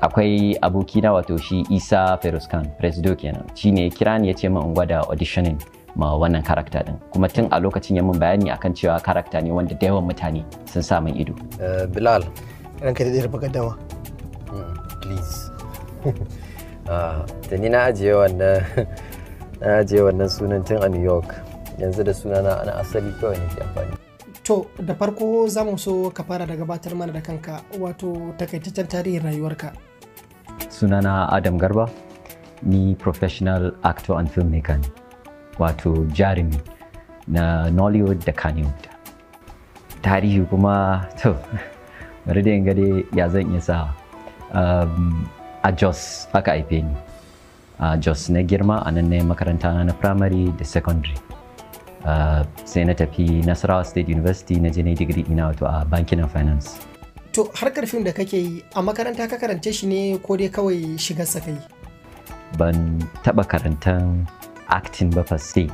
akwai aboki na wato shi isa feruskan presido kenan shi ne kira ni ya ce min gwada auditioning ma wannan karakta din kuma tun a lokacin ya min bayani akan cewa karakta ne wanda da yawan mutane sun sa min ido eh, bilal ranka da ɗaya baka dama hmm, please ah, da ni na ajiye wannan na ajiye wannan sunan tun a new york yanzu da sunana ana asali kawai ke amfani To da farko za mu so ka fara da gabatar mana da kanka wato takaitaccen tarihin rayuwarka. Sunana Adam Garba, ni professional actor and filmmaker ne, wato jarumi na Nollywood da Kannywood. Tarihi kuma to, bari da gade ya zan iya sa um, a Jos aka haife ni. A Jos na girma a nan makaranta na primary da secondary. Eh, sai na tafi nasarawa state university na jini digiri ina wato a banking and finance to har karfin da kake yi a makaranta ka karance shi ne ko dai kawai shigar sa kai ban taba karantan acting ba fa sai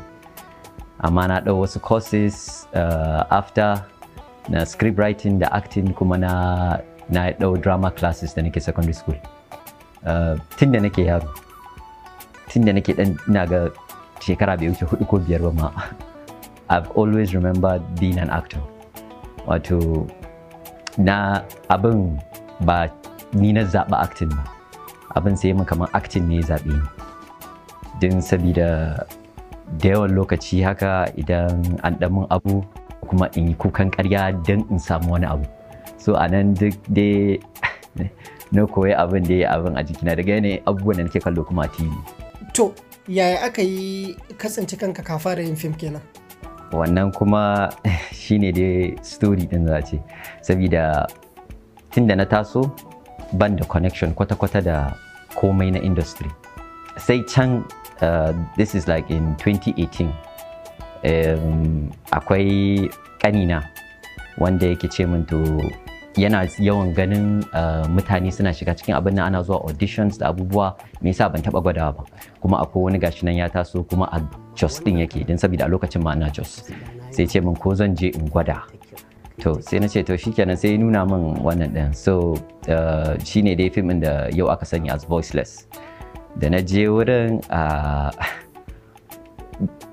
amma na dau wasu courses uh, after na script writing da acting kuma na na dau drama classes da nake secondary school uh, tun da nake yaro tun nake ɗan ina ga shekara bai wuce hudu ko biyar ba ma I've always remembered being an actor. Wato na abin ba ni na zaɓa acting ba. Abin sai mun kamar acting ne zaɓe ni. Don sabida da yawan lokaci haka idan an abu kuma in yi kukan karya don in samu wani abu. So a nan duk dai na koyi abin da ya abin a jikina daga yanayin abubuwan da nake kallo kuma a TV. To, yaya aka yi kasance kanka ka fara yin fim kenan? wannan kuma shine dai story din za ce saboda tun da na taso ban da connection kwata-kwata da komai na industry sai can uh, this is like in 2018 um, akwai kanina wanda yake ce min to yana yawan ganin eh, mutane suna shiga cikin abin nan ana zuwa auditions da abubuwa me yasa ban taba gwadawa ba kuma akwai wani gashi nan ya taso kuma a Jos din yake don saboda a lokacin ma ana Jos sai ce min ko zan je in gwada to sai na ce to shikenan sai nuna min wannan din so eh, shine dai fim da yau aka sanya as voiceless da na je wurin a ah,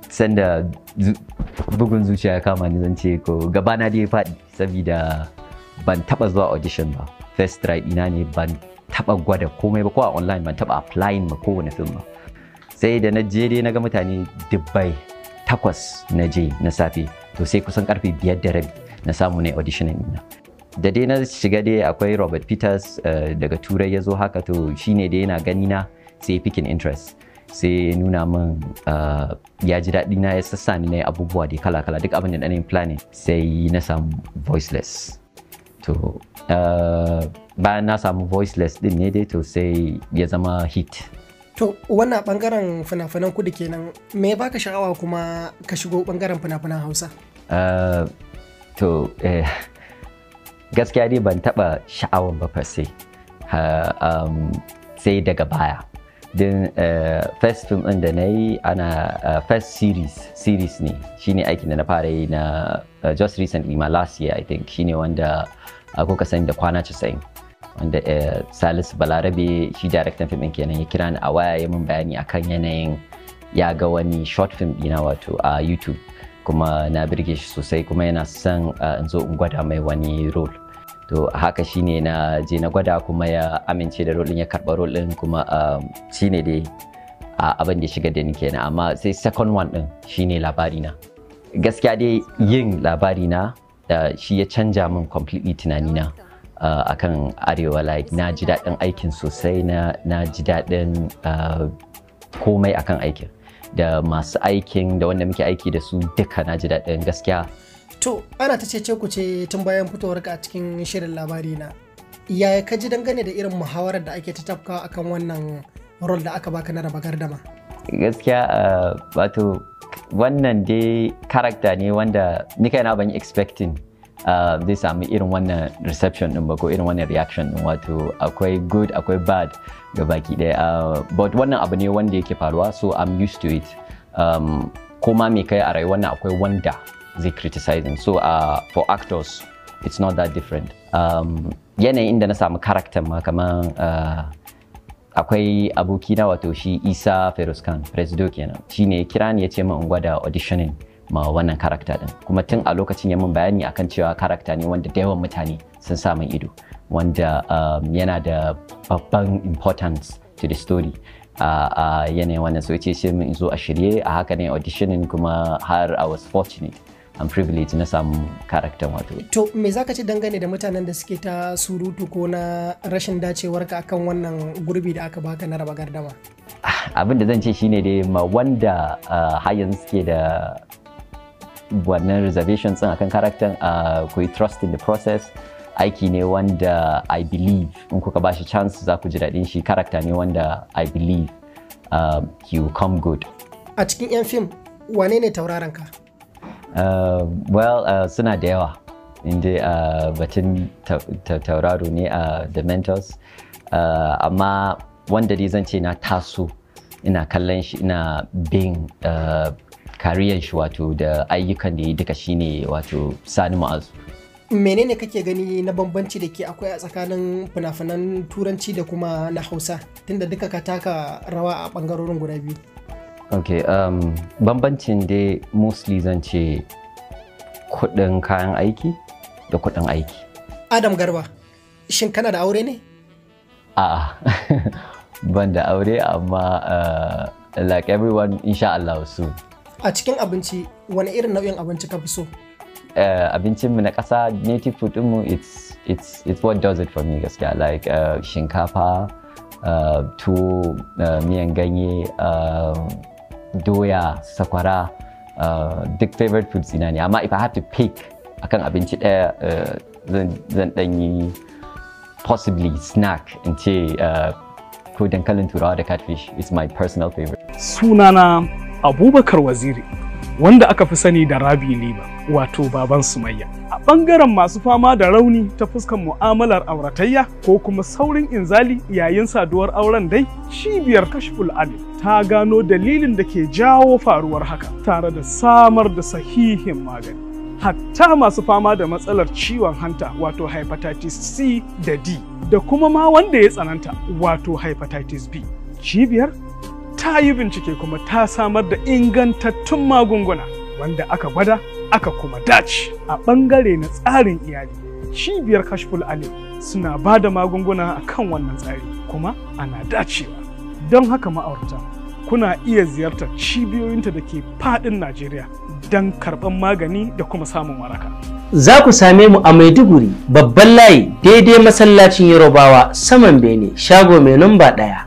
sanda bugun zuciya ya kama ni zan ce ko gabana dai faɗi saboda ban taba zuwa audition ba first try ina ne ban taba gwada komai ba ko a online ban taba applying ma kowane film ba sai da na je dai na ga mutane dubbai takwas na je na safe to sai kusan karfe biyar da rabi na samu na audition ina da dai na shiga dai akwai robert peters eh, daga turai ya zo haka to shine dai yana gani na sai pikin interest sai nuna min eh, ya ji daɗi na ya sassa ni na abubuwa da kala-kala duk abin da na planning sai na samu voiceless to uh, bayan na samu voiceless din ne dai to sai ya zama hit to wannan bangaren fina-finan kudu kenan me baka sha'awa kuma ka shigo bangaren fina-finan hausa uh, to eh, gaskiya dai ban taba sha'awan ba fa um, sai daga baya din uh, first film din da na yi ana uh, first series series ne shine aikin da na fara yi na uh, just recently ma last year i think shine wanda kuka sani da kwana 90 wanda salisu balarabe shi daraktan fim din kenan ya kira ni a waya ya mun bayani akan yanayin ya ga wani short film ɗina wato a youtube kuma na birge shi sosai kuma yana son in zo in gwada mai wani role to haka shine na je na gwada kuma ya amince da rolin ya karba rolin kuma um, shine dai abin da shiga da ni kenan amma sai second one din shine labari na gaskiya dai yin labari na shi ya canja min completely tunani na uh, akan arewa like na ji daɗin aikin sosai na ji daɗin uh, komai akan aikin da masu aikin da wanda muke aiki da su duka na ji daɗin gaskiya To, ana ta ce ku ce tun bayan fitowar ka a cikin shirin labari na. Yaya ka ji dangane da irin muhawarar da ake ta tafkawa akan wannan rol da aka baka na raba gardama? Gaskiya wato wannan dai karakta ne wanda ni kaina ban expecting zai samu irin wannan reception din ba ko irin wannan reaction din wato akwai good akwai bad ga baki daya but wannan abu ne wanda yake faruwa so i'm used to it um, ma mai kai a rayuwar nan akwai wanda zai criticizing so uh, for actors it's not that different um, yanayin da na samu karakter ma kamar uh, akwai aboki na wato shi isa feroz khan presido kenan shi ne kira ni ya ce in gwada auditioning ma wannan karakta din kuma tun a lokacin ya min bayani akan cewa karakta ne wanda da yawan mutane sun sa ido wanda um, yana da babban importance to the story uh, a yanayin wannan so ya ce min zo a shirye a haka ne auditioning kuma har i was fortunate an privilege na samu karaktan wato. To me zaka ce dangane da mutanen da suke ta surutu ko na rashin dacewar ka akan wannan gurbi da aka baka na raba gardama? Abin da zan ce shine dai ma wanda ah, har yanzu suke da wannan reservation din akan karaktan ah, ku trust in the process aiki ne wanda I believe in kuka bashi chance za ku ji daɗin shi karakta ne wanda I believe ah, he you come good. A cikin 'yan fim wane ne tauraron ka? Uh, well uh, suna da yawa inda uh, batun tauraro ne a the mentors amma wanda dai zan ce na taso ina kallon shi ina bin kariyar shi wato da ayyukan da ya duka ne wato sani ma'azu menene kake gani na bambanci da ke akwai a tsakanin fina turanci da kuma na hausa tunda duka ka taka rawa a bangarorin guda biyu ok um, bambancin dai mostly zan ce kudin kayan aiki da kudin aiki adam garba shin kana da aure ne a'a ban da aure amma uh, like everyone insha Allah su. a cikin abinci wani irin nau'in abinci ka fi so uh, abincinmu na ƙasa native food mu it's, it's, it's what does it for me gaskiya like uh, shinkafa uh, tuwo uh, miyan ganye uh, doya sakwara uh, duk favorite foods ina ne amma if i have to pick akan abinci ɗaya uh, zan ɗan yi possibly snack in ce uh, ko dankalin turawa da catfish is my personal favorite sunana abubakar waziri wanda aka fi sani da rabi liba wato baban sumayya Bangaren masu fama da rauni ta fuskan mu'amalar auratayya ko kuma saurin inzali yayin saduwar auren dai cibiyar kashful alim ta gano dalilin da ke jawo faruwar haka tare da samar da sahihin magani. hatta masu fama da matsalar ciwon hanta wato hepatitis C da D da kuma ma wanda ya tsananta wato hepatitis B. Cibiyar ta yi bincike kuma ta samar da ingantattun magunguna wanda aka gwada aka kuma dace a ɓangare na tsarin iyali cibiyar kashful Ali suna ba da magunguna a kan wannan tsari kuma ana dacewa don haka ma'aurata kuna iya ziyartar cibiyoyinta da ke faɗin najeriya don karɓar magani da kuma samun waraka za ku same mu a maiduguri babban layi daidai masallacin yarobawa saman bene shago mai lamba ɗaya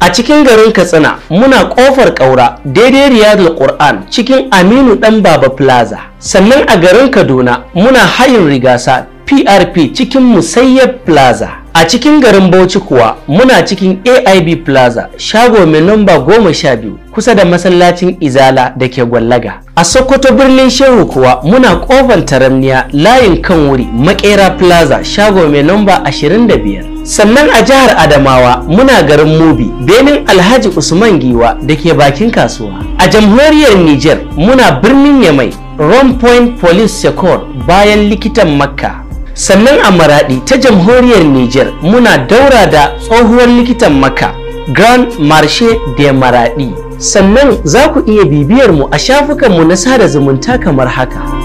a cikin garin katsina muna kofar ƙaura daidai riyadul qur'an cikin aminu dan baba plaza sannan a garin kaduna muna hayin rigasa prp cikin musayyab plaza a cikin garin bauchi kuwa muna cikin aib plaza shago mai namba goma sha biyu kusa da masallacin izala da ke gwallaga a sokoto birnin shehu kuwa muna kofar taramniya layin kan wuri makera plaza shago mai lamba 25 sannan a jihar adamawa muna garin mubi benin alhaji usman giwa da ke bakin kasuwa a jamhuriyar niger muna birnin yamai Ron Point Police Secor bayan likitan Makka. Sannan a Maraɗi ta jamhuriyar Nijar muna daura da tsohuwar likitan Makka Grand Marche de Maraɗi. sannan za ku iya bibiyar mu a shafukanmu na sada zumunta kamar haka.